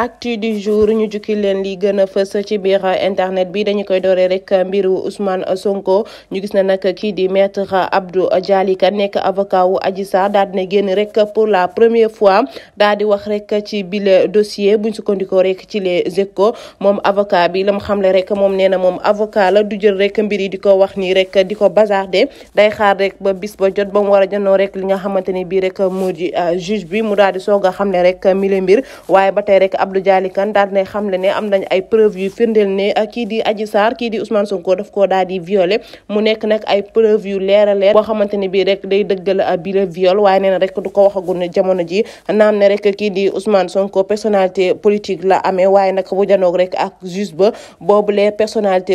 actu du jour ñu jukki leen li gën a fës ci biir internet bi dañu koy dooree rek mbiru Ousmane Sonko ñu gis na nag kii di maître Abdou jaalika nekk avocat wu aji Sarr daal ne génn rek pour la première fois daal di wax rek ci bile dossier buñ sukkandikoo rek ci les échos moom avocat bi la xam xamle rek moom nee na moom avocat la du jël rek mbir yi di ko wax nii rek di ko bazarder day xaar rek ba bis ba jot ba mu war a janoo rek li nga xamante ni bii rek moo di euh, juge bi mu daal di soog a xamle rek mille mbir Abdou Dialy Kane daal nay xamle ne am nañ ay preuve yu firndeel ne kii di Adji Sarr kii di Ousmane Sonko daf koo mu nekk nag ay preuve yu leer a leer boo xamante ne bii rek day dëggal bi la viol waaye nee na rek du ko waxagul ne ji naam ne rek kii di Sonko personnalité politique la amee waaye nag bu rek ak juge ba boobu les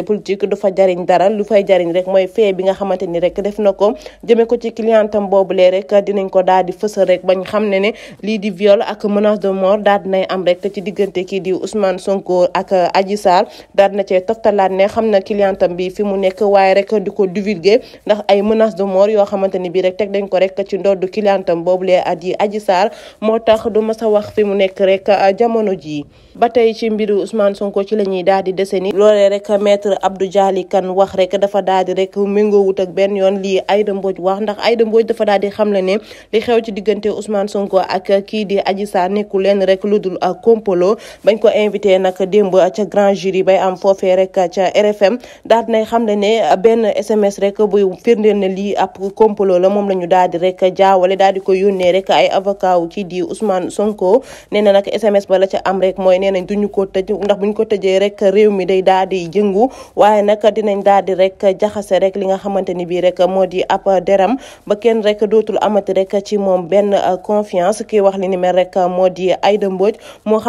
politique du fa jariñ dara lu fay jariñ rek mooy fee nga xamante ni rek def na ko ko ci clientam boobulee rek dinañ ko daal di fësal rek a xam ne ne lii di viol diggante kii di Ousmane Sonko ak euh, Adji Sarr daal na cee toftalaat ne xam na clientam bi fi mu nekk waaye rek di ko divulguer ndax ay menace de mort yoo xamante ni bii rek teg dañ ko rek ci ndoddu clientam boobu lee at yi Adji Sarr moo tax du mas a wax fi mu nekk rek euh, jamono jii ba tey ci mbiru Ousmane Sonko ci la ñuy daal di dese ni loolee rek maître Abdou Dialy Kane wax rek dafa daal di rek méngoowut ak benn yoon lii Aïda Mbodj wax ndax Aïda Mbodj dafa daal di xam le ne li xew ci diggante Ousmane Sonko ak kii di Adji Sarr nekkul rek lu euh, Polo bañ ko invité nag démb ca grand jury bay am foofee rek ca RFM daal dinay xam ne ne benn SMS rek buy firndeel ne lii ab complo la moom la ñu daal di rek jaawale daal di ko yónnee rek ay avocat kii di Ousmane Sonko nee na nag SMS ba la ca am rek mooy nee nañ duñu ko tëj ndax buñ ko tëjee rek réew mi day daal di jëngu waaye nag dinañ daal di rek jaxase rek li nga xamante ni bii rek moo di ab deram ba kenn rek dootul amati rek ci moom benn confiance kii wax li ni rek moo di Aïda Mbodj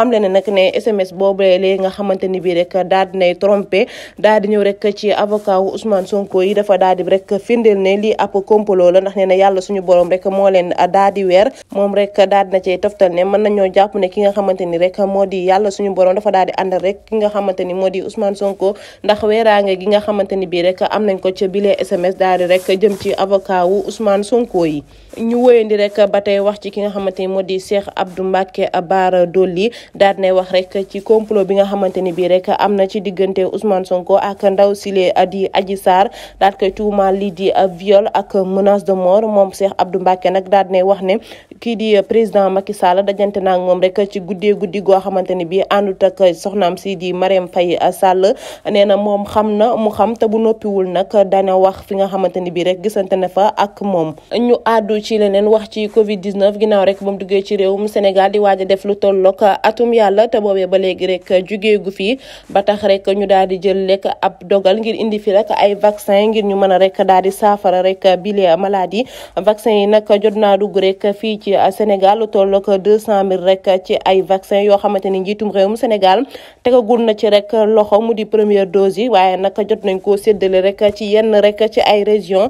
xamle ne nag ne SMS boobee léegi nga xamante ni bii rek daal di nay trompé daal di ñëw rek ci avocat wu Ousmane Sonko yi dafa daal di rek firndeel ne lii ab complot la ndax nee na yàlla suñu borom rek moo leen daal moom rek daal na cay toftal ne mën nañoo jàpp ne ki nga xamante ni rek moo di yàlla suñu borom dafa daal di àndal rek ki nga xamante ni moo di Ousmane Sonko ndax weeraange gi nga xamante ni bii rek am nañ ko ca bile SMS daadi di rek jëm ci avocat wu Ousmane Sonko yi ñu wóyandi rek ba tey wax ci ki nga xamante ni moo di Cheikh Abdou Mbacké Bara Dolly daal ne wax rek ci complot bi nga xamante ni bii rek am na ci diggante Ousmane Sonko ak ndaw sile di Adji Sarr daal koy tuumaal lii di viol ak menace de mort moom Cheikh Abdou Mbacké nag daal ne wax ne kii di président Macky Sall dajante naa moom rek ci guddee guddi goo xamante ni bii àndut ak soxnaam si di Marème Faye Sall nee na moom xam na mu xam te bu noppiwul nag dana wax fi nga xamante ni bii rek gisante na fa ak moom ci leneen wax ci Covid 19 ginnaaw rek ba duggee ci réewum Sénégal di waaj a def lu tollook atum yàlla te boobee ba léegi rek jugee gu fi ba tax rek ñu daal di jël lekk ab dogal ngir indi fi rek ay vaccin ngir ñu mën a rek daal di saafara rek bile maladie vaccin yi nag jot naa dugg rek fii ci Sénégal lu tollook 200000 rek ci ay vaccin yoo xamante ni njiitum réewum Sénégal tegagul na ci rek loxo mu di première dose yi waaye nag jot nañ koo séddale rek ci yenn rek ci ay région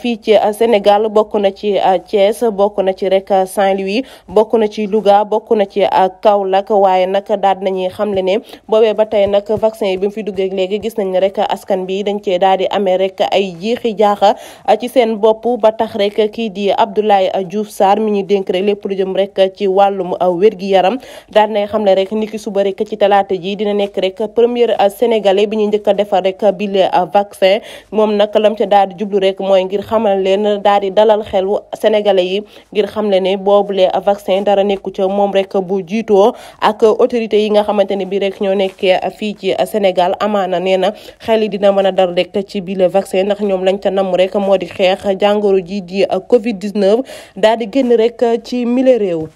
fii ci Sénégal bokk na ci. Thiès bokk na ci rek Saint-Louis bokk na ci Louga bokk na ci Kaolack waaye nag daal nañuy xamle ne bo wee ba tey nag vaccin yi bi mu fi duggee léegi gis nañ ne rek askan bi dañ cee daal di amee rek ay jiixi jaaxa ci seen bopp ba tax rek kii di Abdoulaye Diouf Sarr mi ñu dénk rek lépp lu jëm rek ci wàllum wér-gi-yaram daal nay xamle rek niki suba rek ci talaata ji dina nekk rek premier sénégalais bi ñu njëkk a defar rek bile vaccin moom nag lam ca daal sénégalais yi ngir xam le ne boobule vaccin dara nekku ca moom rek bu jiitoo ak autorité yi nga xamante ne bi rek ñoo nekkee fii ci Sénégal amaana nee na xel yi dina mën a dar rek ci bi le vaccin ndax ñoom lañ ca nammu rek moo di xeex jàngoro ji di Covid 19 daal di génn rek ci mille réew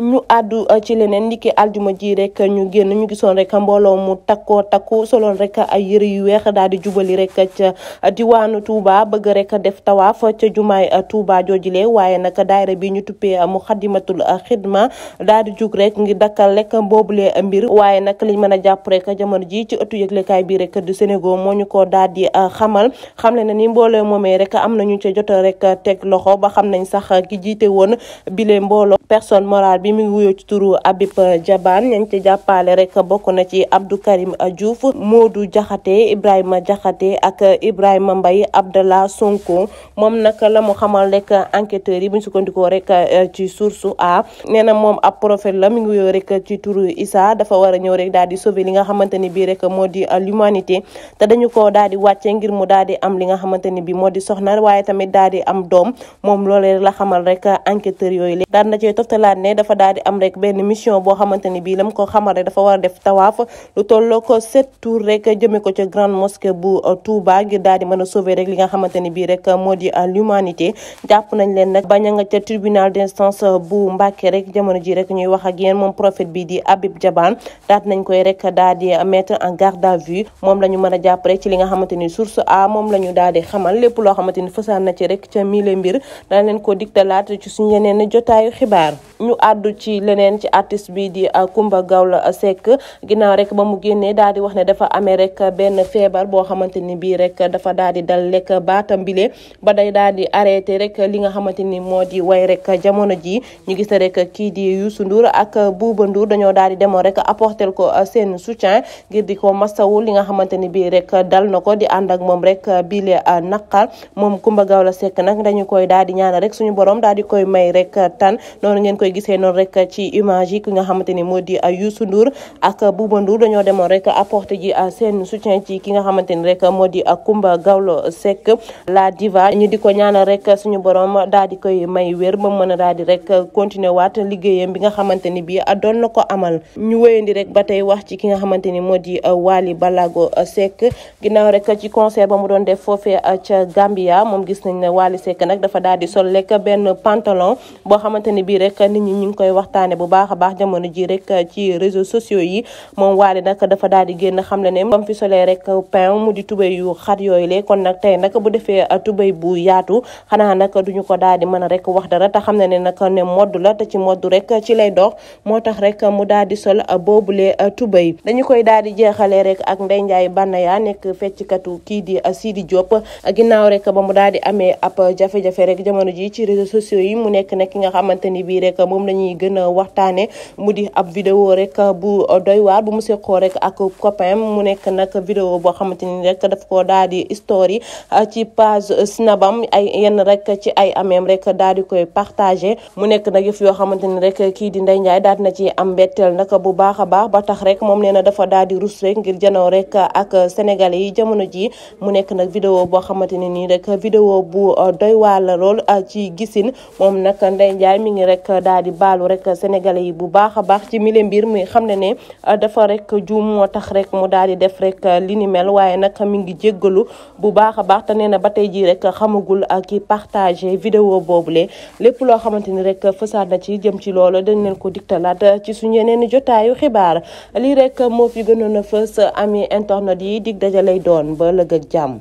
ñu àddu uh, ci leneen niki aljuma ji rek ñu génn ñu gisoon rek mbooloo mu takkoo takku soloon rek ay yëre yu weex daal di jubali rek ca uh, diwaanu tuuba bëgg rek a def tawaaf ca jumaay uh, Touba joojile waaye nag daayira bi ñu tuppee Muxaddamatul Xidma daal di jug rek ngir dakkal rek boobule mbir waaye nag liñ mën a jàpp rek jamono ji ci ëttu yëglekaay bi rek du Sénégal moo ñu ko daal di xamal xam ne ni mbooloo moomee rek am nañu ca jote rek teg loxo ba xam nañ sax ki jiite woon bile mbooloo personne morale bi bi mi ngi wuyoo ci turu Habib Diabane ñañ ci jàppale rek bokk na ci Abdou Karim Diouf Modou Diakhaté Ibrahima Diakhaté ak Ibrahima Mbaye Abdallah Sonko moom nag la mu xamal rek enquêteurs yi bu ñu sukkandikoo rek euh, ci source a nee na moom ab prophète la mi ngi wuyoo rek ci turu Issa dafa war a ñëw rek daal di sauver li nga xamante ni bii rek moo di euh, l'humanité te dañu ko daal di ngir mu daal di am li nga xamante ni bii moo di soxna waaye tamit daal di am doom moom loolee la xamal rek enquêteurs yooyu daal na cee toftalaat ne dafa daal di am rek benn mission boo xamante ni bii lam ko xamal rek dafa war a def tawaaf lu tolloo ko sept tour rek jëmee ko ca grande mosquée bu euh, Touba ngir daal di mën a sauver rek li nga xamante ni bii rek moo di euh, l'humanité jàpp nañ leen nag bañ a nga ca tribunal d'instance euh, bu Mbàkke rek jamono ji rek ñuy wax ak yéen moom profit bi di Habib Diabane daat nañ koy rek daal di mettre en garde à vue moom la ñu mën a jàpp rek ci li nga xamante ni source a moom la ñu daal xamal lépp loo xamante ni fësaan na ci rek ca mille mbir dana leen ko digtalaat ci suñu yeneen jotaayu xibaar ñu àddu addu ci leneen ci artiste bi di uh, Coumba Gawlo uh, Seck ginnaaw rek ba mu génnee daal di wax ne dafa amee rek benn feebar boo xamante ni bii rek dafa daal di dal rek baatam bile ba day daal di arrêté rek li nga xamante ni moo di way rek jamono ji ñu gis rek kii di Youssou Ndour ak Bouba Ndour dañoo daal di demoon rek apporter ko uh, seen soutien ngir di ko masawu li nga xamante ni bii rek dal na ko di ànd ak moom rek bile naqar moom Coumba Gawlo Seck nag dañu koy daal di ñaan rek suñu borom daal di koy may rek tan noonu ngeen koy gisee rek ci image ki nga xamante ni moo di euh, Youssou Ndour ak Bouba Ndour dañoo demoon rek apporter ji euh, seen soutien ci ki nga xamante ni rek moo di euh, Coumba Gawlo Seck la diva ñu di ko ñaanal rek suñu borom daal di koy may wér ba mën a daal di rek continuer waat liggéeyam bi nga xamante ni bii doon na ko amal ñu wéyandi rek ba tey wax ci ki nga xamante ni moo di Wally Ballago Seck ginnaaw rek ci concert ba mu doon def foofee ca Gambia moom gis nañ ne Wally Seck nag dafa daal di sol rek benn pantalon boo xamante ni bii rek koy waxtaane bu baax a baax jamono ji rek ci réseaux sociaux yi moom Wally nag dafa daal di génn xam le ne bam fi solee rek pain mu di tubéy yu xat yooyu le kon nag tey nag bu defee tubéy a rek wax dara te la te ci modd rek mu daal di sol boobule tubéy dañu koy daal di jeexalee rek ak Ndeye Ndiaye Banaya nekk fecckatu kii di Sidi a ginnaaw rek ba mu daal di amee ab jafe-jafe rek jamono ji ci réseaux sociaux yi mu nekk nag nga xamante ni rek moom lañuy ñuy gën a waxtaane mu di ab vidéo rek bu doy waar bu mu seqoo rek ak copain mu nekk nag vidéo boo xamante ni rek daf ko daal di story ah, ci page snabam ay yenn rek ci ay amem rek daal di koy partagé mu nekk nag yëf yoo xamante ni rek kii di Ndeye Ndiaye daal na ci am mbetteel nag bu baax a baax ba tax rek moom nee dafa daal di rus rek ngir janoo rek ak sénégalais yi jamono ji mu nekk nag vidéo boo xamante ne rek vidéo bu ah, doy waar la ah, ci gisin moom nag Ndeye Ndiaye mi rek daal baalu rek sénégalais yi bu baax a baax ci mile mbir mi xam ne ni ah, dafa rek juum moo tax rek mu daal di def rek ah, li ni mel waaye nag mi ngi jéggalu bu baax a baax te nee na ba tey jii rek xamagul ak ki partagé vidéo boobule lépp loo xamante ni rek fësaat na ci jëm ci loolu dañ leen ko diktalaat ah, ci suñu yeneen jotaayu xibaar lii rek moo fi gënoon a fës ami internet yi dig dajalay doon ba lëg ak jàmm